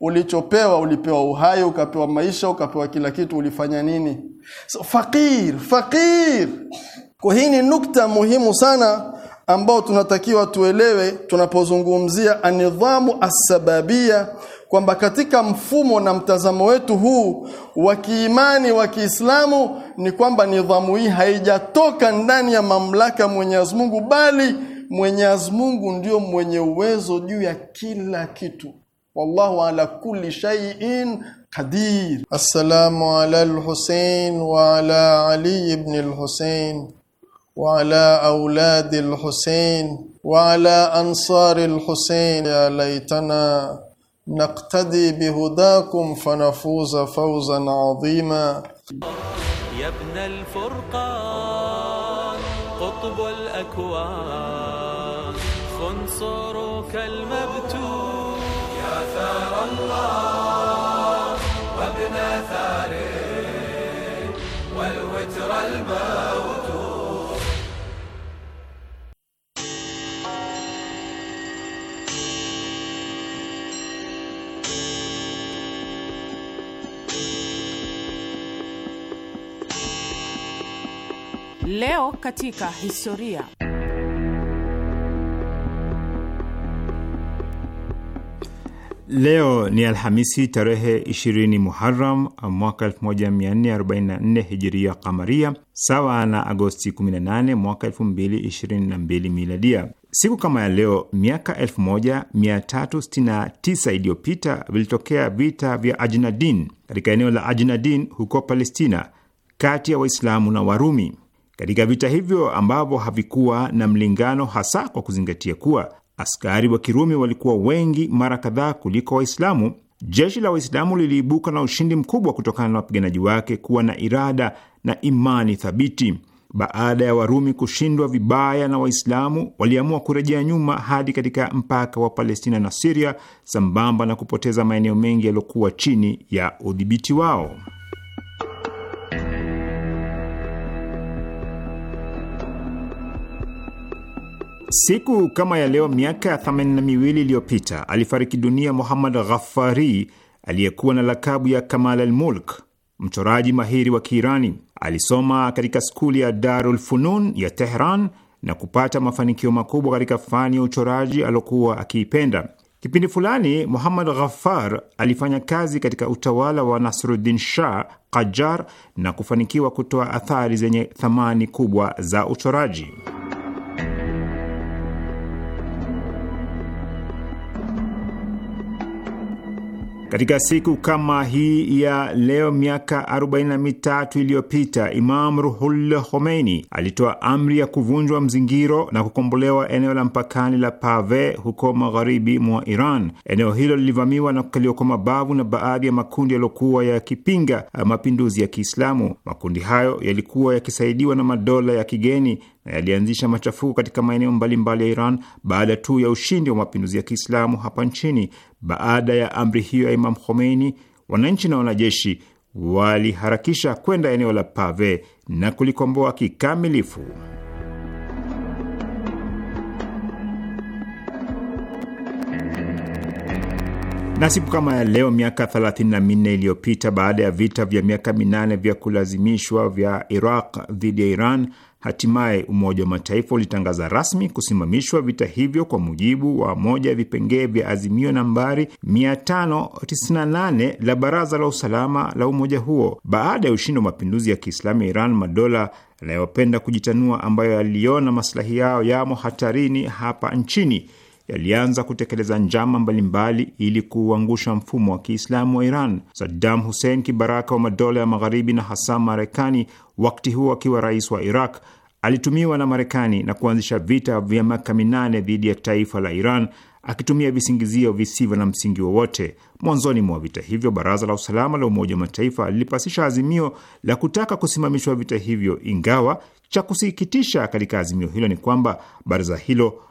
ulichopewa ulipewa uhai ukapewa maisha ukapewa kila kitu ulifanya nini so, fakir fakir kwa hii ni nukta muhimu sana ambao tunatakiwa tuelewe tunapozungumzia anidhamu assababia kwamba katika mfumo na mtazamo wetu huu wa kiimani wa Kiislamu ni kwamba nidhamu hii haijatoka ndani ya mamlaka Mwenyezi Mungu, bali Mwenyezi Mungu ndio mwenye uwezo juu ya kila kitu. Wallahu ala kulli shay'in qadir. Assalamu ala al-Husayn wa ala Ali ibn al-Husayn wa ala auladi al-Husayn wa ala ansari al-Husayn. Ya laitana نقتدي بهداكم فنفوز فوزا عظيما يا ابن الفرقان قطب Leo katika historia. Leo ni Alhamisi tarehe 20 Muharam mwaka 1444 hijiria kamaria, sawa na Agosti 18 mwaka 2022 miladia. Siku kama ya leo miaka 1369 iliyopita vilitokea vita vya Ajnadin katika eneo la Ajnadin huko Palestina, kati ya Waislamu na Warumi. Katika vita hivyo ambavyo havikuwa na mlingano, hasa kwa kuzingatia kuwa askari wa Kirumi walikuwa wengi mara kadhaa kuliko Waislamu, jeshi la Waislamu liliibuka na ushindi mkubwa kutokana na wapiganaji wake kuwa na irada na imani thabiti. Baada ya Warumi kushindwa vibaya na Waislamu waliamua kurejea nyuma hadi katika mpaka wa Palestina na Siria, sambamba na kupoteza maeneo mengi yaliyokuwa chini ya udhibiti wao. Siku kama ya leo miaka themanini na miwili iliyopita alifariki dunia Muhammad Ghaffari aliyekuwa na lakabu ya Kamal al-Mulk, mchoraji mahiri wa Kiirani. Alisoma katika skuli ya Darul Funun ya Tehran na kupata mafanikio makubwa katika fani ya uchoraji aliokuwa akiipenda. Kipindi fulani Muhammad Ghaffar alifanya kazi katika utawala wa Nasruddin Shah Qajar na kufanikiwa kutoa athari zenye thamani kubwa za uchoraji. Katika siku kama hii ya leo miaka 43 iliyopita Imam Ruhullah Khomeini alitoa amri ya kuvunjwa mzingiro na kukombolewa eneo la mpakani la Pave huko magharibi mwa Iran. Eneo hilo lilivamiwa na kukaliwa kwa mabavu na baadhi ya makundi yaliyokuwa yakipinga mapinduzi ya Kiislamu. Makundi hayo yalikuwa yakisaidiwa na madola ya kigeni na yalianzisha machafuko katika maeneo mbalimbali ya Iran baada tu ya ushindi wa mapinduzi ya Kiislamu hapa nchini. Baada ya amri hiyo ya Imam Khomeini, wananchi na wanajeshi waliharakisha kwenda eneo la Pave na kulikomboa kikamilifu. Na siku kama ya leo miaka 34 iliyopita, baada ya vita vya miaka minane vya kulazimishwa vya Iraq dhidi ya Iran, hatimaye Umoja wa Mataifa ulitangaza rasmi kusimamishwa vita hivyo kwa mujibu wa moja ya vipengee vya azimio nambari 598 la Baraza la Usalama la umoja huo. Baada ya ushindi wa mapinduzi ya Kiislamu ya Iran, madola yanayopenda kujitanua ambayo yaliona maslahi yao yamo hatarini hapa nchini yalianza kutekeleza njama mbalimbali ili kuuangusha mfumo wa Kiislamu wa Iran. Saddam Hussein, kibaraka wa madola ya Magharibi na hasa Marekani, wakati huo akiwa rais wa Iraq, alitumiwa na Marekani na kuanzisha vita vya miaka minane dhidi ya taifa la Iran akitumia visingizio visivyo na msingi wowote. Mwanzoni mwa vita hivyo, Baraza la Usalama la Umoja wa Mataifa lilipasisha azimio la kutaka kusimamishwa vita hivyo, ingawa cha kusikitisha katika azimio hilo ni kwamba baraza hilo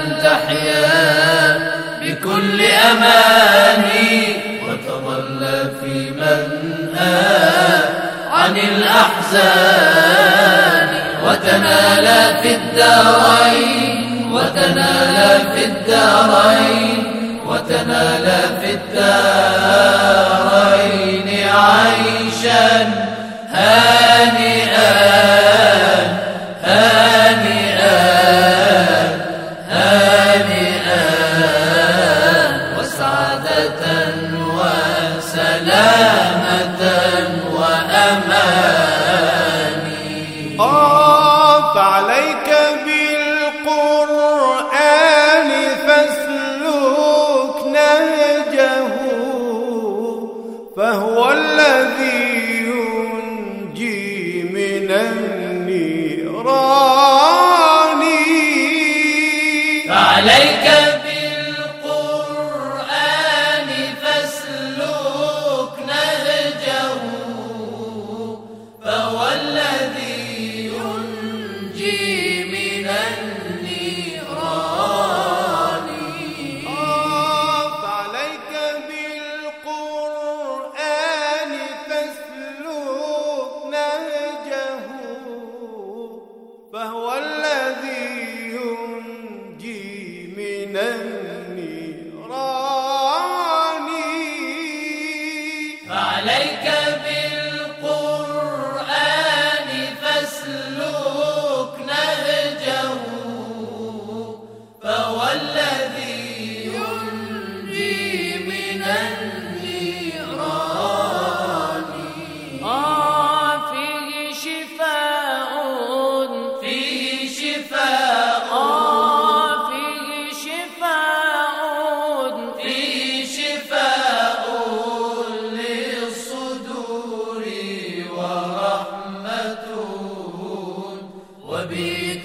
أن تحيا بكل أماني وتظل في منها عن الأحزان وتنالى في الدارين وتنالى في الدارين وتنالى في الدارين وبيت